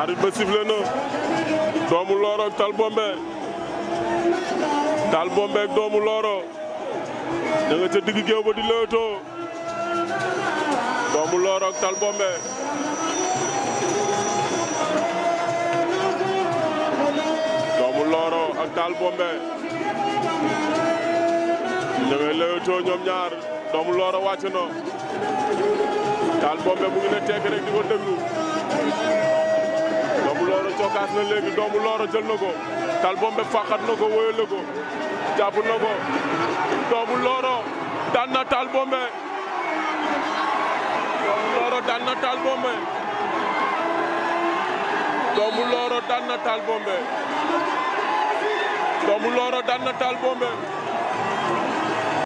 arbitre ba sifflé na doomu Loro ak Talbombé Talbombé ak doomu Loro da nga ca digg géew ba di lëwtoo doomu Loro ak Talbombé doomu Loro ak Talbombé da ngay lëwtoo ñoom ñaar doomu Loro wàcc na Talbombé mu ne tekk rek di ko déglu kaas na léegi doomu looro jël na ko tal bombe fàqat na na ko jàpp na ko doomu na tal doomu looro daan tal bombe doomu looro daan tal bombe doomu looro daan tal bombe